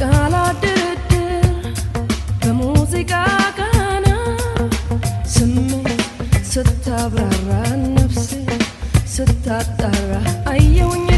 በቃላት ድርድር በሙዚቃ ቃና ስታብራራ ነፍሴ ስታጣራ አየውኝ